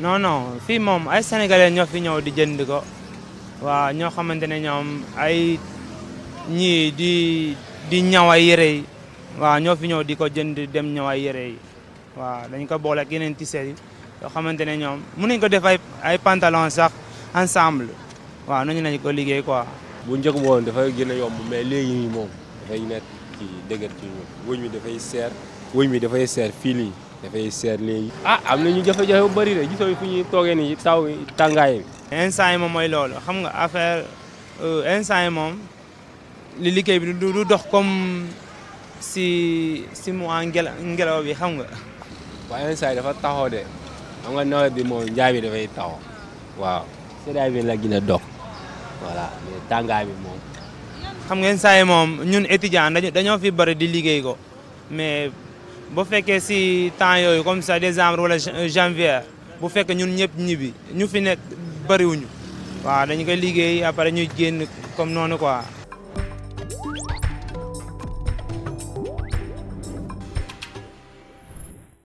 non no fii moom ay sénégalais ñoo fi ñëw di jënd ko waaw ñoo xamante ne ñoom ay ñii di di ñaw ay yére yi ñoo fi ñëw di ko jënd dem ñaw ay yére yi waaw dañ ko boole ak yeneen tisset yi yoo xamante ne ñoom mën nañ ko def ay ay pantalon sax ensemble waa nañu lañ ko liggéey quoi. bu njëkk woon dafay gën a yomb mais léegi dafay nekk ci dëgër ci ñun wëñ mi dafay seer wëñ mi dafay seer fii lii dafay seer léegi. ah am nañu jafe-jafe bu bëri de gisoo fu ñuy toogee nii taw tàngaay bi. instant yi moom mooy loolu xam nga affaire euh, instant yi moom li liggéey bi du dox comme si si mu ngelaw bi xam nga. waaw instant yi dafa taxaw de xam nga nawet bi moom njaay bi dafay taxaw waaw. seddaay bi la gën a dox voilà mais tàngaay bi moom. xam ngeen saa yi moom ñun étudiant dañu dañoo fi bëri di liggéey ko mais bu fekkee si temps yooyu comme ça décembre wala euh, janvier bu fekkee ñun ñëpp ñibbi ñu fi nekk bëriwuñu waaw dañu koy liggéey après ñuy génn comme